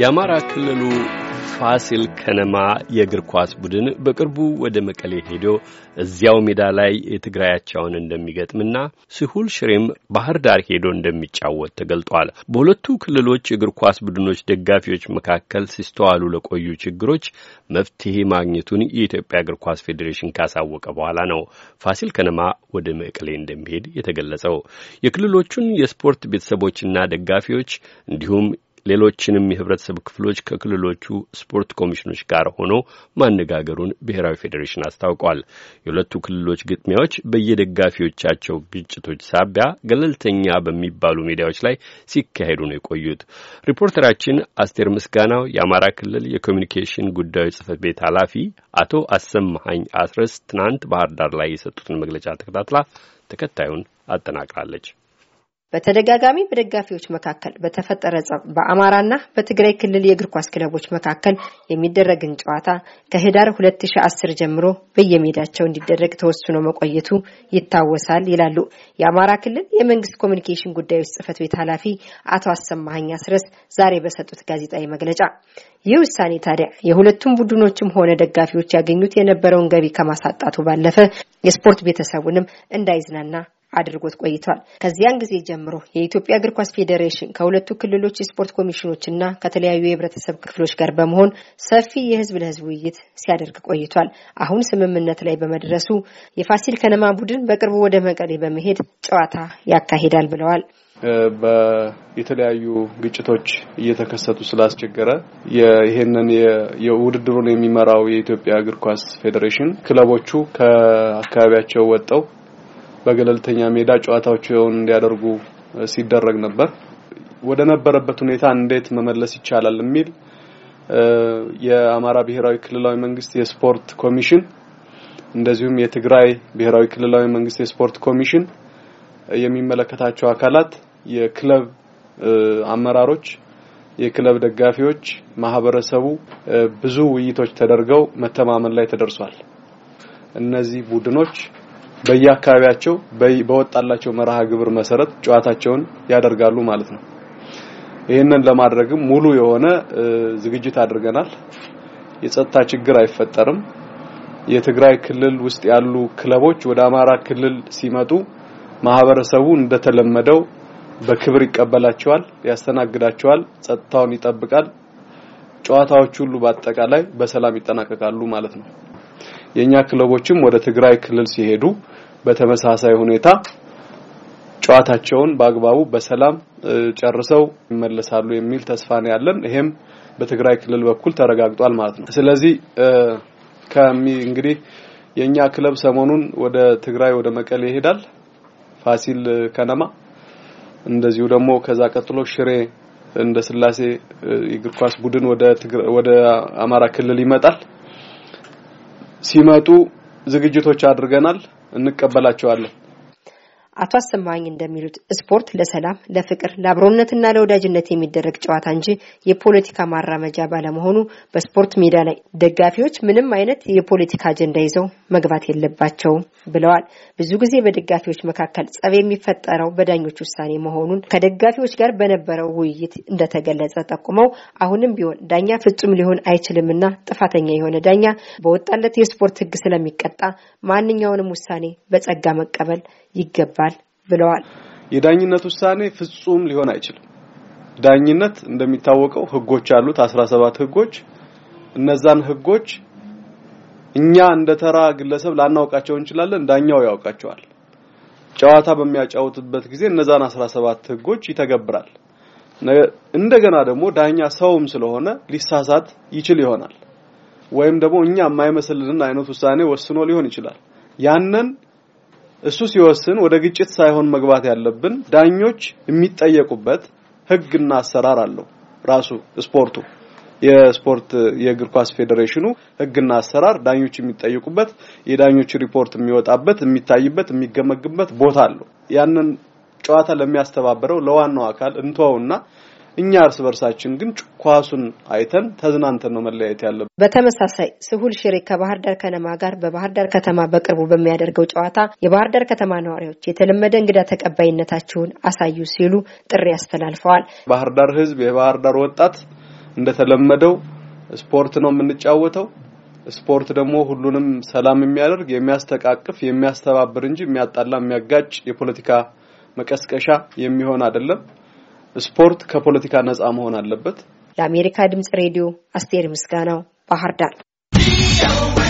የአማራ ክልሉ ፋሲል ከነማ የእግር ኳስ ቡድን በቅርቡ ወደ መቀሌ ሄዶ እዚያው ሜዳ ላይ የትግራያቸውን እንደሚገጥምና ስሁል ሽሬም ባህር ዳር ሄዶ እንደሚጫወት ተገልጧል። በሁለቱ ክልሎች የእግር ኳስ ቡድኖች ደጋፊዎች መካከል ሲስተዋሉ ለቆዩ ችግሮች መፍትሄ ማግኘቱን የኢትዮጵያ እግር ኳስ ፌዴሬሽን ካሳወቀ በኋላ ነው ፋሲል ከነማ ወደ መቀሌ እንደሚሄድ የተገለጸው። የክልሎቹን የስፖርት ቤተሰቦችና ደጋፊዎች እንዲሁም ሌሎችንም የህብረተሰብ ክፍሎች ከክልሎቹ ስፖርት ኮሚሽኖች ጋር ሆኖ ማነጋገሩን ብሔራዊ ፌዴሬሽን አስታውቋል። የሁለቱ ክልሎች ግጥሚያዎች በየደጋፊዎቻቸው ግጭቶች ሳቢያ ገለልተኛ በሚባሉ ሜዲያዎች ላይ ሲካሄዱ ነው የቆዩት። ሪፖርተራችን አስቴር ምስጋናው የአማራ ክልል የኮሚኒኬሽን ጉዳዮች ጽህፈት ቤት ኃላፊ አቶ አሰማሀኝ አስረስ ትናንት ባህር ዳር ላይ የሰጡትን መግለጫ ተከታትላ ተከታዩን አጠናቅራለች። በተደጋጋሚ በደጋፊዎች መካከል በተፈጠረ ጸብ በአማራና በትግራይ ክልል የእግር ኳስ ክለቦች መካከል የሚደረግን ጨዋታ ከህዳር 2010 ጀምሮ በየሜዳቸው እንዲደረግ ተወስኖ መቆየቱ ይታወሳል ይላሉ የአማራ ክልል የመንግስት ኮሚኒኬሽን ጉዳዮች ጽህፈት ቤት ኃላፊ አቶ አሰማኸኝ አስረስ ዛሬ በሰጡት ጋዜጣዊ መግለጫ። ይህ ውሳኔ ታዲያ የሁለቱም ቡድኖችም ሆነ ደጋፊዎች ያገኙት የነበረውን ገቢ ከማሳጣቱ ባለፈ የስፖርት ቤተሰቡንም እንዳይዝናና አድርጎት ቆይቷል። ከዚያን ጊዜ ጀምሮ የኢትዮጵያ እግር ኳስ ፌዴሬሽን ከሁለቱ ክልሎች የስፖርት ኮሚሽኖች እና ከተለያዩ የህብረተሰብ ክፍሎች ጋር በመሆን ሰፊ የህዝብ ለህዝብ ውይይት ሲያደርግ ቆይቷል። አሁን ስምምነት ላይ በመድረሱ የፋሲል ከነማ ቡድን በቅርቡ ወደ መቀሌ በመሄድ ጨዋታ ያካሂዳል ብለዋል። የተለያዩ ግጭቶች እየተከሰቱ ስላስቸገረ ይሄንን የውድድሩን የሚመራው የኢትዮጵያ እግር ኳስ ፌዴሬሽን ክለቦቹ ከአካባቢያቸው ወጠው በገለልተኛ ሜዳ ጨዋታዎችን እንዲያደርጉ ሲደረግ ነበር። ወደ ነበረበት ሁኔታ እንዴት መመለስ ይቻላል የሚል የአማራ ብሔራዊ ክልላዊ መንግስት የስፖርት ኮሚሽን እንደዚሁም የትግራይ ብሔራዊ ክልላዊ መንግስት የስፖርት ኮሚሽን የሚመለከታቸው አካላት፣ የክለብ አመራሮች፣ የክለብ ደጋፊዎች፣ ማህበረሰቡ ብዙ ውይይቶች ተደርገው መተማመን ላይ ተደርሷል። እነዚህ ቡድኖች በየአካባቢያቸው በወጣላቸው መርሃ ግብር መሰረት ጨዋታቸውን ያደርጋሉ ማለት ነው። ይህንን ለማድረግም ሙሉ የሆነ ዝግጅት አድርገናል። የጸጥታ ችግር አይፈጠርም። የትግራይ ክልል ውስጥ ያሉ ክለቦች ወደ አማራ ክልል ሲመጡ ማህበረሰቡ እንደተለመደው በክብር ይቀበላቸዋል፣ ያስተናግዳቸዋል፣ ጸጥታውን ይጠብቃል። ጨዋታዎች ሁሉ በአጠቃላይ በሰላም ይጠናቀቃሉ ማለት ነው። የኛ ክለቦችም ወደ ትግራይ ክልል ሲሄዱ በተመሳሳይ ሁኔታ ጨዋታቸውን በአግባቡ በሰላም ጨርሰው ይመለሳሉ የሚል ተስፋ ነው ያለን። ይሄም በትግራይ ክልል በኩል ተረጋግጧል ማለት ነው። ስለዚህ ከሚ እንግዲህ የኛ ክለብ ሰሞኑን ወደ ትግራይ ወደ መቀሌ ይሄዳል፣ ፋሲል ከነማ እንደዚሁ ደግሞ ከዛ ቀጥሎ ሽሬ እንደ ስላሴ የእግር ኳስ ቡድን ወደ አማራ ክልል ይመጣል። ሲመጡ ዝግጅቶች አድርገናል፣ እንቀበላቸዋለን። አቶ አሰማኝ እንደሚሉት ስፖርት ለሰላም፣ ለፍቅር፣ ለአብሮነትና ለወዳጅነት የሚደረግ ጨዋታ እንጂ የፖለቲካ ማራመጃ ባለመሆኑ በስፖርት ሜዳ ላይ ደጋፊዎች ምንም አይነት የፖለቲካ አጀንዳ ይዘው መግባት የለባቸውም ብለዋል። ብዙ ጊዜ በደጋፊዎች መካከል ጸብ የሚፈጠረው በዳኞች ውሳኔ መሆኑን ከደጋፊዎች ጋር በነበረው ውይይት እንደተገለጸ ጠቁመው አሁንም ቢሆን ዳኛ ፍጹም ሊሆን አይችልምና ጥፋተኛ የሆነ ዳኛ በወጣለት የስፖርት ሕግ ስለሚቀጣ ማንኛውንም ውሳኔ በጸጋ መቀበል ይገባል ብለዋል። የዳኝነት ውሳኔ ፍጹም ሊሆን አይችልም። ዳኝነት እንደሚታወቀው ህጎች አሉት፣ አስራ ሰባት ህጎች። እነዛን ህጎች እኛ እንደ ተራ ግለሰብ ላናውቃቸው እንችላለን፣ ዳኛው ያውቃቸዋል። ጨዋታ በሚያጫውትበት ጊዜ እነዛን 17 ህጎች ይተገብራል። እንደገና ደግሞ ዳኛ ሰውም ስለሆነ ሊሳሳት ይችል ይሆናል ወይም ደግሞ እኛ የማይመስልልን አይነት ውሳኔ ወስኖ ሊሆን ይችላል። ያንን እሱ ሲወስን ወደ ግጭት ሳይሆን መግባት ያለብን ዳኞች የሚጠየቁበት ህግና አሰራር አለው። ራሱ ስፖርቱ የስፖርት የእግር ኳስ ፌዴሬሽኑ ህግና አሰራር ዳኞች የሚጠየቁበት የዳኞች ሪፖርት የሚወጣበት የሚታይበት የሚገመግምበት ቦታ አለው። ያንን ጨዋታ ለሚያስተባብረው ለዋናው አካል እንተውና እኛ እርስ በርሳችን ግን ኳሱን አይተን ተዝናንተን ነው መለያየት ያለብን። በተመሳሳይ ስሁል ሽሬ ከባህር ዳር ከነማ ጋር በባህር ዳር ከተማ በቅርቡ በሚያደርገው ጨዋታ የባህር ዳር ከተማ ነዋሪዎች የተለመደ እንግዳ ተቀባይነታችሁን አሳዩ ሲሉ ጥሪ አስተላልፈዋል። ባህር ዳር ህዝብ፣ የባህር ዳር ወጣት እንደተለመደው ስፖርት ነው የምንጫወተው። ስፖርት ደግሞ ሁሉንም ሰላም የሚያደርግ የሚያስተቃቅፍ፣ የሚያስተባብር እንጂ የሚያጣላ፣ የሚያጋጭ የፖለቲካ መቀስቀሻ የሚሆን አይደለም። ስፖርት ከፖለቲካ ነፃ መሆን አለበት። ለአሜሪካ ድምጽ ሬዲዮ አስቴር ምስጋናው ባህር ዳር